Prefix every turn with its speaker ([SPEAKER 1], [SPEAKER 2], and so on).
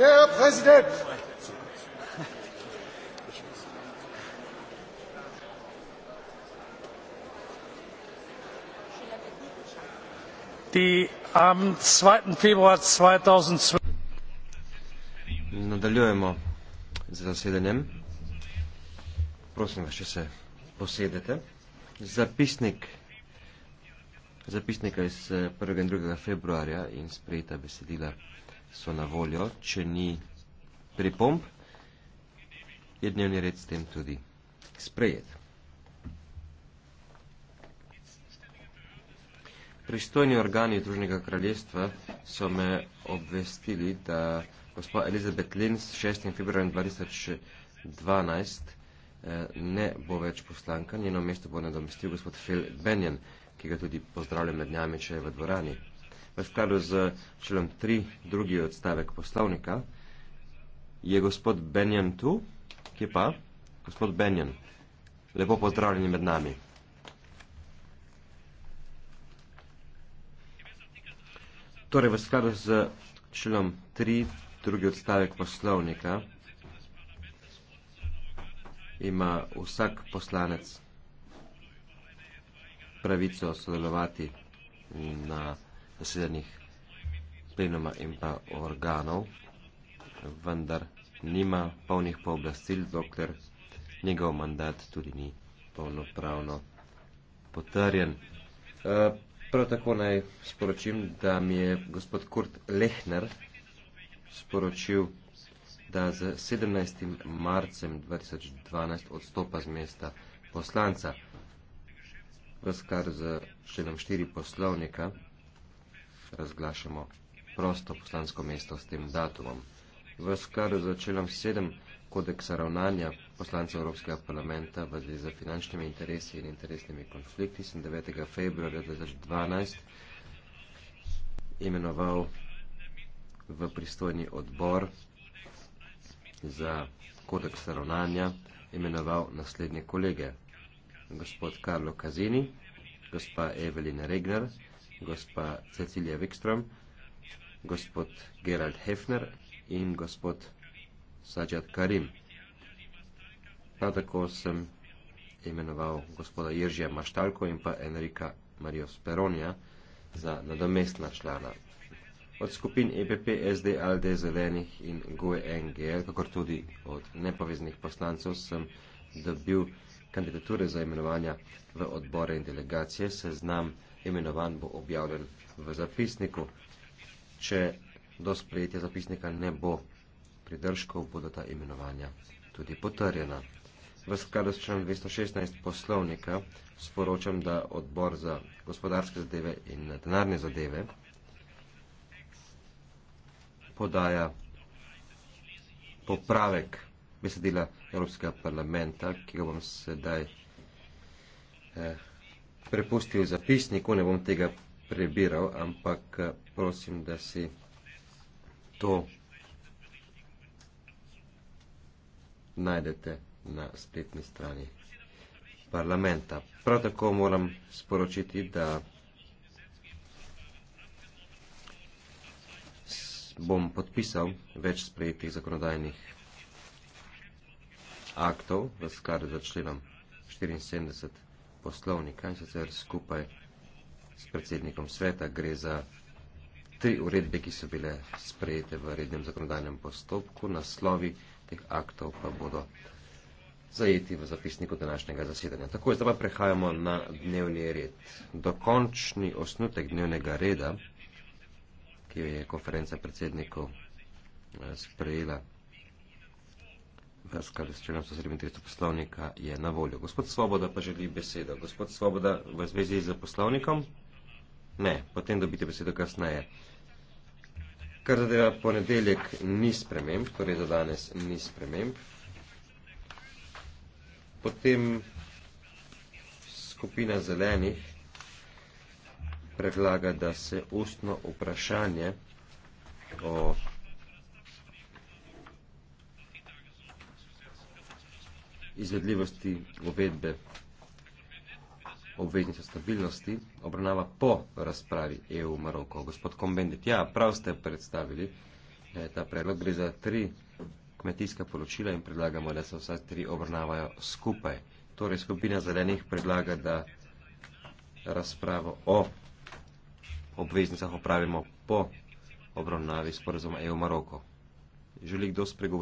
[SPEAKER 1] Herr Präsident! Die am 2. Februar 2012 Nadaljujemo z zasedanjem. Prosim vas, če se posedete. Zapisnik zapisnika iz 1. Eh, in 2. februarja in sprejeta besedila so na voljo, če ni pripomb, je dnevni red s tem tudi sprejet. Pristojni organi Združenega kraljestva so me obvestili, da gospod Elizabeth Lins 6. februarja 2012 ne bo več poslanka, njeno mesto bo nadomestil gospod Phil Benjen, ki ga tudi pozdravljam med njami, če je v dvorani v skladu z člom 3, drugi odstavek poslovnika, je gospod Benjan tu, ki pa, gospod Benjan, lepo pozdravljeni med nami. Torej, v skladu z člom 3, drugi odstavek poslovnika, ima vsak poslanec pravico sodelovati na zasedanih plenoma in pa organov, vendar nima polnih pooblastil, dokler njegov mandat tudi ni polnopravno potrjen. E, prav tako naj sporočim, da mi je gospod Kurt Lehner sporočil, da z 17. marcem 2012 odstopa z mesta poslanca v skar z členom 4 poslovnika, razglašamo prosto poslansko mesto s tem datumom. V skladu z začelom 7 kodeksa ravnanja poslancev Evropskega parlamenta v zvezi z finančnimi interesi in interesnimi konflikti sem 9. februarja 2012 imenoval v pristojni odbor za kodeks ravnanja imenoval naslednje kolege. Gospod Karlo Kazini, gospa Evelina Regner, gospa Cecilija Wikström, gospod Gerald Hefner in gospod Sajad Karim. Prav tako sem imenoval gospoda Jiržija Maštalko in pa Enrika Marijo Speronija za nadomestna člana. Od skupin EPP, SD, ALD, Zelenih in GUE-NGL, kakor tudi od nepoveznih poslancev, sem dobil kandidature za imenovanja v odbore in delegacije. Seznam imenovan bo objavljen v zapisniku. Če do sprejetja zapisnika ne bo pridržkov, bodo ta imenovanja tudi potrjena. V skladu s članom 216 poslovnika sporočam, da odbor za gospodarske zadeve in denarne zadeve podaja popravek besedila Evropskega parlamenta, ki ga bom sedaj eh, prepustil zapisniku, ne bom tega prebiral, ampak eh, prosim, da si to najdete na spletni strani parlamenta. Prav tako moram sporočiti, da bom podpisal več sprejetih zakonodajnih aktov, v skladu z členom 74 poslovnika in sicer skupaj s predsednikom sveta gre za tri uredbe, ki so bile sprejete v rednem zakonodajnem postopku. Naslovi teh aktov pa bodo zajeti v zapisniku današnjega zasedanja. Tako, zdaj pa prehajamo na dnevni red. Dokončni osnutek dnevnega reda, ki je konferenca predsednikov eh, sprejela skladu s členom 137 poslovnika je na voljo. Gospod Svoboda pa želi besedo. Gospod Svoboda v zvezi z poslovnikom? Ne, potem dobite besedo kasneje. Kar zadeva ponedeljek ni sprememb, torej za danes ni sprememb. Potem skupina zelenih predlaga, da se ustno vprašanje o izvedljivosti uvedbe obveznice stabilnosti obravnava po razpravi EU Maroko. Gospod Kombendit, ja, prav ste predstavili eh, ta predlog. Gre za tri kmetijska poročila in predlagamo, da se vsa tri obravnavajo skupaj. Torej, skupina zelenih predlaga, da razpravo o obveznicah opravimo po obravnavi sporazuma EU Maroko. Želi kdo spregovoriti?